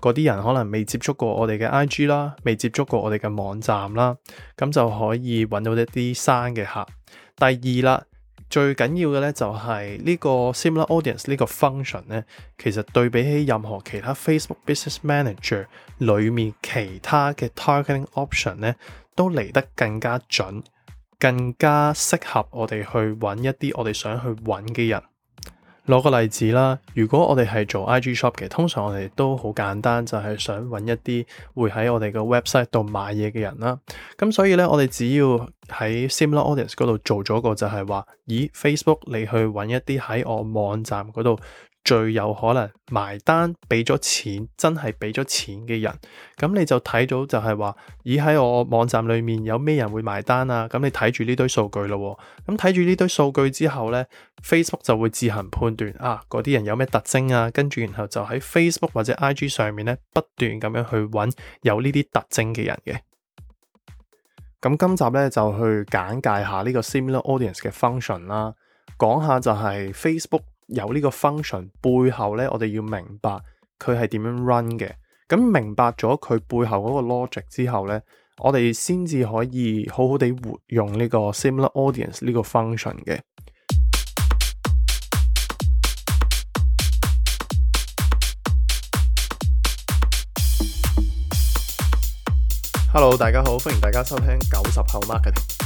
嗰啲人可能未接觸過我哋嘅 IG 啦，未接觸過我哋嘅網站啦，咁就可以揾到一啲新嘅客。第二啦，最緊要嘅呢就係呢個 Similar Audience 呢個 function 呢，其實對比起任何其他 Facebook Business Manager 裡面其他嘅 targeting option 呢，都嚟得更加準，更加適合我哋去揾一啲我哋想去揾嘅人。攞個例子啦，如果我哋係做 IG shop 嘅，通常我哋都好簡單，就係想揾一啲會喺我哋個 website 度買嘢嘅人啦。咁所以呢，我哋只要喺 similar audience 嗰度做咗個，就係話，咦，Facebook 你去揾一啲喺我網站嗰度，最有可能埋單俾咗錢，真係俾咗錢嘅人，咁你就睇到就係話，咦，喺我網站裏面有咩人會埋單啊？咁你睇住呢堆數據咯喎。咁睇住呢堆數據之後呢 Facebook 就會自行判斷啊，嗰啲人有咩特徵啊，跟住然後就喺 Facebook 或者 IG 上面呢，不斷咁樣去揾有呢啲特徵嘅人嘅。咁今集呢，就去簡介下呢個 Similar Audience 嘅 function 啦，講下就係 Facebook。有呢個 function 背後咧，我哋要明白佢係點樣 run 嘅。咁明白咗佢背後嗰個 logic 之後咧，我哋先至可以好好地活用呢個 similar audience 呢個 function 嘅。Hello，大家好，歡迎大家收聽九十後 Marketing。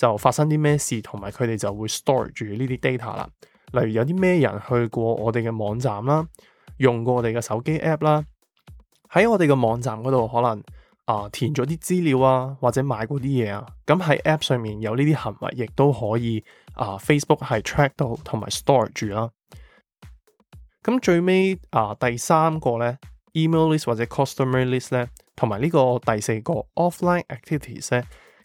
就發生啲咩事，同埋佢哋就會 store 住呢啲 data 啦。例如有啲咩人去過我哋嘅網站啦，用過我哋嘅手機 app 啦，喺我哋嘅網站嗰度可能啊、呃、填咗啲資料啊，或者買過啲嘢啊。咁喺 app 上面有呢啲行為，亦都可以啊、呃、Facebook 係 track 到同埋 store 住啦。咁、啊、最尾啊、呃、第三個咧 email list 或者 customer list 咧，同埋呢個第四個 offline activities 咧。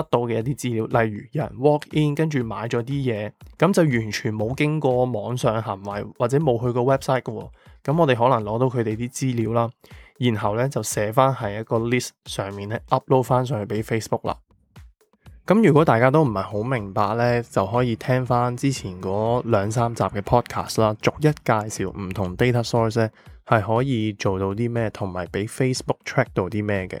得到嘅一啲資料，例如有人 walk in 跟住買咗啲嘢，咁就完全冇經過網上行為或者冇去過 website 嘅，咁我哋可能攞到佢哋啲資料啦，然後咧就寫翻喺一個 list 上面咧 upload 翻上去俾 Facebook 啦。咁如果大家都唔係好明白咧，就可以聽翻之前嗰兩三集嘅 podcast 啦，逐一介紹唔同 data source 咧係可以做到啲咩，同埋俾 Facebook track 到啲咩嘅。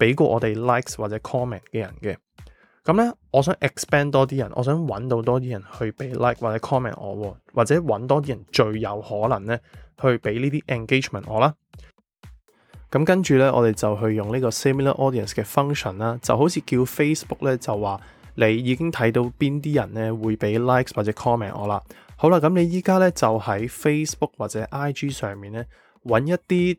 俾過我哋 likes 或者 comment 嘅人嘅，咁呢，我想 expand 多啲人，我想揾到多啲人去俾 like 或者 comment 我，或者揾多啲人最有可能呢去俾呢啲 engagement 我啦。咁跟住呢，我哋就去用呢個 similar audience 嘅 function 啦，就好似叫 Facebook 呢，就話你已經睇到邊啲人呢會俾 likes 或者 comment 我啦。好啦，咁你依家呢，就喺 Facebook 或者 IG 上面呢揾一啲。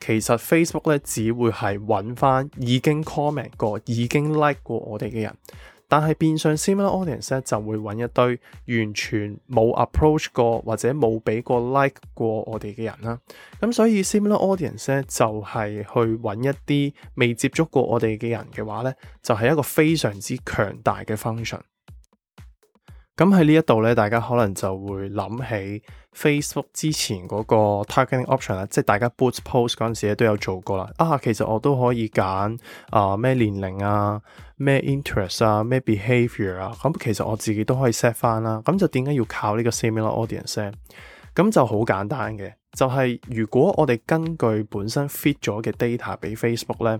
其實 Facebook 咧只會係揾翻已經 comment 過、已經 like 過我哋嘅人，但係變相 similar audience 咧就會揾一堆完全冇 approach 過或者冇俾過 like 過我哋嘅人啦。咁所以 similar audience 咧就係去揾一啲未接觸過我哋嘅人嘅話咧，就係一個非常之強大嘅 function。咁喺呢一度咧，大家可能就會諗起 Facebook 之前嗰個 targeting option 啦，即係大家 boost post 嗰陣時咧都有做過啦。啊，其實我都可以揀啊咩年齡啊、咩 interest 啊、咩 behavior 啊，咁其實我自己都可以 set 翻啦。咁就點解要靠個呢個 similar audience？咁就好簡單嘅，就係、是，如果我哋根據本身 feed 咗嘅 data 俾 Facebook 咧，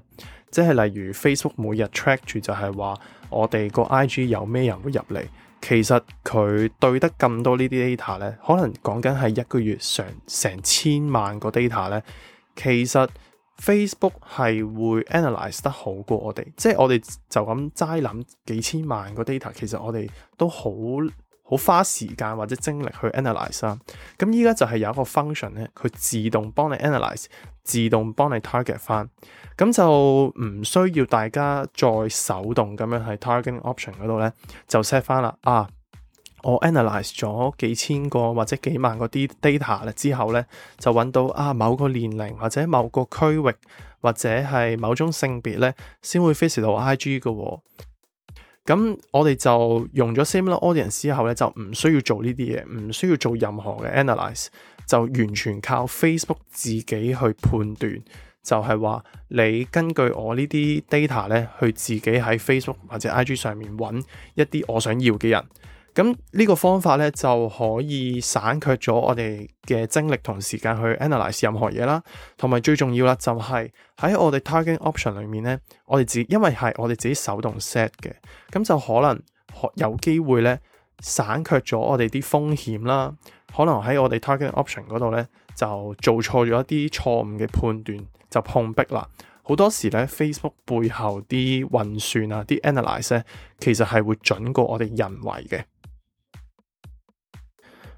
即係例如 Facebook 每日 track 住就係話我哋個 IG 有咩人會入嚟。其實佢對得咁多呢啲 data 咧，可能講緊係一個月上成千萬個 data 咧。其實 Facebook 係會 analyse 得好過我哋，即係我哋就咁齋諗幾千萬個 data，其實我哋都好好花時間或者精力去 analyze 啦，咁依家就係有一個 function 咧，佢自動幫你 analyze，自動幫你 target 翻，咁就唔需要大家再手動咁樣喺 targeting option 嗰度咧就 set 翻啦。啊，我 analyze 咗幾千個或者幾萬個啲 data 之後咧，就揾到啊某個年齡或者某個區域或者係某種性別咧，先會 face 到 IG 嘅喎、哦。咁我哋就用咗 Similar Audience 之後咧，就唔需要做呢啲嘢，唔需要做任何嘅 analyze，就完全靠 Facebook 自己去判斷，就係話你根據我呢啲 data 咧，去自己喺 Facebook 或者 IG 上面揾一啲我想要嘅人。咁呢個方法咧，就可以省卻咗我哋嘅精力同時間去 analyse 任何嘢啦，同埋最重要啦，就係喺我哋 targeting option 裏面咧，我哋自己因為係我哋自己手動 set 嘅，咁就可能有機會咧，省卻咗我哋啲風險啦。可能喺我哋 targeting option 嗰度咧，就做錯咗一啲錯誤嘅判斷，就碰壁啦。好多時咧，Facebook 背後啲運算啊，啲 analyse 咧，其實係會準過我哋人為嘅。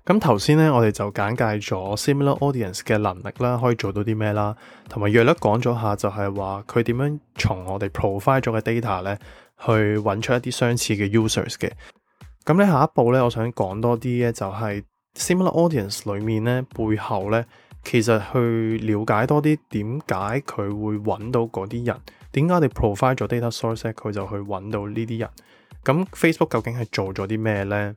咁頭先咧，我哋就簡介咗 similar audience 嘅能力啦，可以做到啲咩啦，同埋約略講咗下，就係話佢點樣從我哋 provide 咗嘅 data 咧，去搵出一啲相似嘅 users 嘅。咁咧，下一步咧，我想講多啲嘅就係、是、similar audience 裏面咧背後咧，其實去了解多啲點解佢會搵到嗰啲人，點解我哋 provide 咗 data source，佢就去搵到呢啲人。咁 Facebook 究竟係做咗啲咩咧？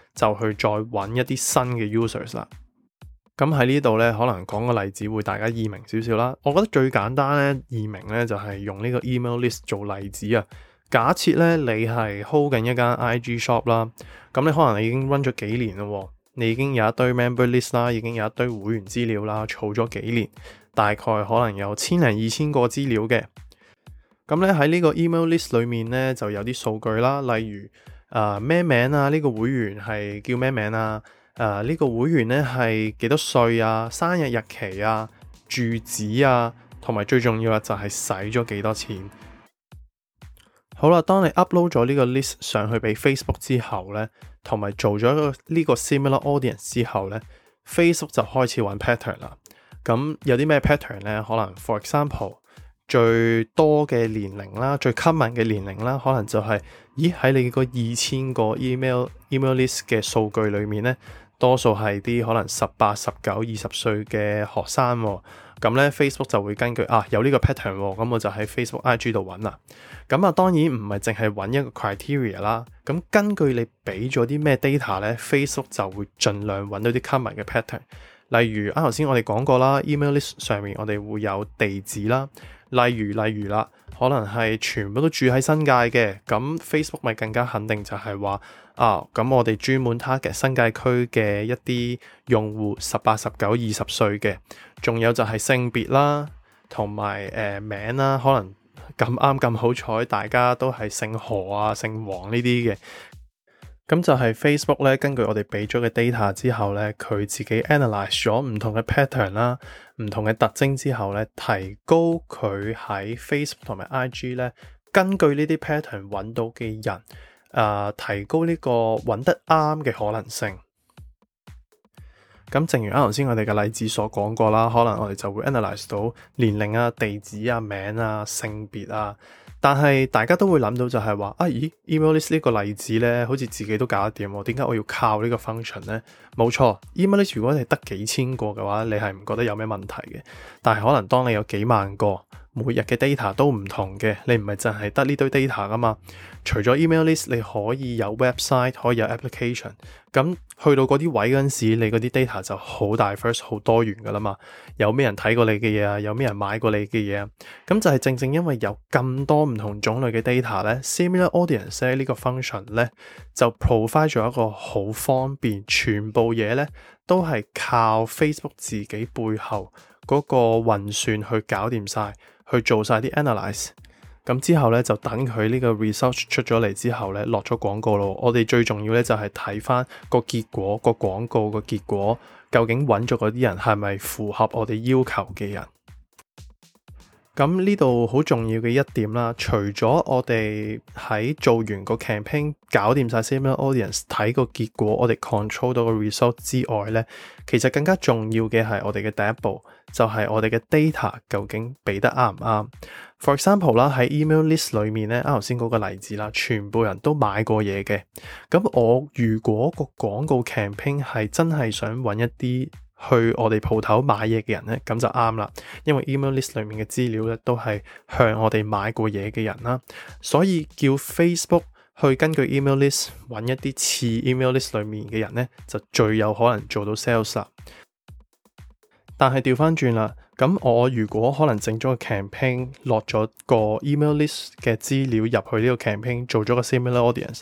就去再揾一啲新嘅 users 啦。咁喺呢度呢，可能講個例子會大家易明少少啦。我覺得最簡單呢，易明呢就係、是、用呢個 email list 做例子啊。假設呢，你係 hold 緊一間 IG shop 啦，咁你可能已經 run 咗幾年啦，啊，你已經有一堆 member list 啦，已經有一堆會員資料啦，儲咗幾年，大概可能有千零二千個資料嘅。咁呢，喺呢個 email list 裏面呢，就有啲數據啦，例如。啊咩、uh, 名啊？呢、呢個會員係叫咩名啊？誒、uh, 呢個會員咧係幾多歲啊？生日日期啊？住址啊？同埋最重要嘅就係使咗幾多錢？ 好啦，當你 upload 咗呢個 list 上去俾 Facebook 之後呢，同埋做咗呢個 similar audience 之後呢，Facebook 就開始揾 pattern 啦。咁有啲咩 pattern 呢？可能 for example。最多嘅年齡啦，最 common 嘅年齡啦，可能就係、是，咦喺你個二千個 email email list 嘅數據裏面呢，多數係啲可能十八、十九、二十歲嘅學生，喔，咁呢 Facebook 就會根據啊有呢個 pattern，咁、喔、我就喺 Facebook IG 度揾啦。咁啊當然唔係淨係揾一個 criteria 啦，咁根據你俾咗啲咩 data 呢 Facebook 就會盡量揾到啲 common 嘅 pattern。例如啱頭先我哋講過啦，email list 上面我哋會有地址啦。例如例如啦，可能係全部都住喺新界嘅，咁 Facebook 咪更加肯定就係話啊，咁、哦、我哋專門 target 新界區嘅一啲用戶十八、十九、二十歲嘅，仲有就係性別啦，同埋誒名啦，可能咁啱咁好彩，大家都係姓何啊、姓黃呢啲嘅。咁就係 Facebook 咧，根據我哋俾咗嘅 data 之後咧，佢自己 analyse 咗唔同嘅 pattern 啦，唔同嘅特徵之後咧，提高佢喺 Facebook 同埋 IG 咧，根據呢啲 pattern 揾到嘅人，啊、呃，提高呢個揾得啱嘅可能性。咁正如啱頭先我哋嘅例子所講過啦，可能我哋就會 analyse 到年齡啊、地址啊、名啊、性別啊。但係大家都會諗到就係話啊，咦，email list 呢個例子呢，好似自己都搞得掂喎，點解我要靠呢個 function 呢？冇錯，email list 如果你得幾千個嘅話，你係唔覺得有咩問題嘅？但係可能當你有幾萬個。每日嘅 data 都唔同嘅，你唔係淨係得呢堆 data 噶嘛。除咗 email list，你可以有 website，可以有 application。咁去到嗰啲位嗰陣時，你嗰啲 data 就好 diverse，好多元噶啦嘛。有咩人睇過你嘅嘢啊？有咩人買過你嘅嘢啊？咁就係正正因為有咁多唔同種類嘅 data 咧，similar audience 呢、這個 function 咧，就 provide 咗一個好方便，全部嘢咧都係靠 Facebook 自己背後。嗰個運算去搞掂晒，去做晒啲 analyse，咁之後咧就等佢呢個 research 出咗嚟之後咧落咗廣告咯。我哋最重要咧就係睇翻個結果，個廣告個結果究竟揾咗嗰啲人係咪符合我哋要求嘅人？咁呢度好重要嘅一點啦，除咗我哋喺做完個 campaign，搞掂晒 similar audience 睇個結果，我哋 control 到個 result 之外咧，其實更加重要嘅係我哋嘅第一步，就係我哋嘅 data 究竟俾得啱唔啱？For example 啦，喺 email list 裏面咧，啱頭先嗰個例子啦，全部人都買過嘢嘅。咁我如果個廣告 campaign 係真係想揾一啲，去我哋鋪頭買嘢嘅人呢，咁就啱啦。因為 email list 裡面嘅資料呢，都係向我哋買過嘢嘅人啦，所以叫 Facebook 去根據 email list 揾一啲似 email list 裡面嘅人呢，就最有可能做到 sales 啦。但係調翻轉啦，咁我如果可能整咗個 campaign 落咗個 email list 嘅資料入去呢個 campaign，做咗個 similar audience。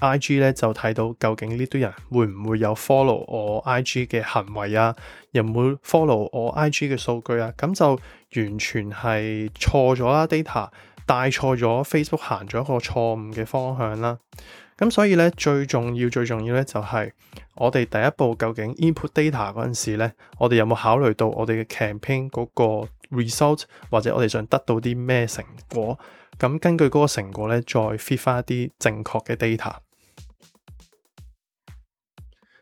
I.G 咧就睇到究竟呢堆人會唔會有 follow 我 I.G 嘅行為啊，又唔會 follow 我 I.G 嘅數據啊？咁就完全係錯咗啦，data 帶錯咗，Facebook 行咗一個錯誤嘅方向啦。咁所以咧最重要最重要咧就係我哋第一步究竟 input data 嗰陣時咧，我哋有冇考慮到我哋嘅 campaign 嗰個 result，或者我哋想得到啲咩成果？咁根據嗰個成果咧，再 fit 翻一啲正確嘅 data。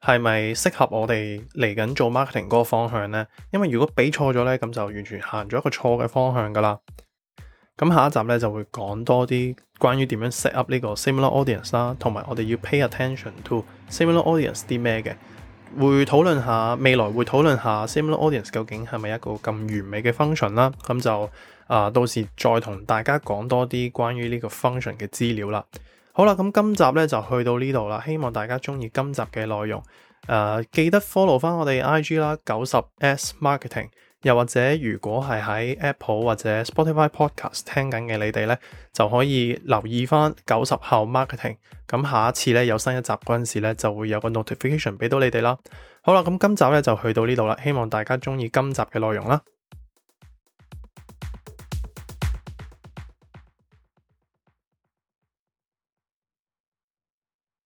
係咪適合我哋嚟緊做 marketing 嗰個方向呢？因為如果俾錯咗呢，咁就完全行咗一個錯嘅方向噶啦。咁下一集呢，就會講多啲關於點樣 set up 呢個 similar audience 啦，同埋我哋要 pay attention to similar audience 啲咩嘅。會討論下未來會討論下 similar audience 究竟係咪一個咁完美嘅 function 啦。咁就啊，到時再同大家講多啲關於呢個 function 嘅資料啦。好啦，咁今集咧就去到呢度啦。希望大家中意今集嘅內容，誒、呃，記得 follow 翻我哋 IG 啦，九十 S Marketing。又或者如果係喺 Apple 或者 Spotify Podcast 聽緊嘅你哋咧，就可以留意翻九十後 Marketing。咁下一次咧有新一集嗰陣時咧，就會有個 notification 俾到你哋啦。好啦，咁今集咧就去到呢度啦。希望大家中意今集嘅內容啦。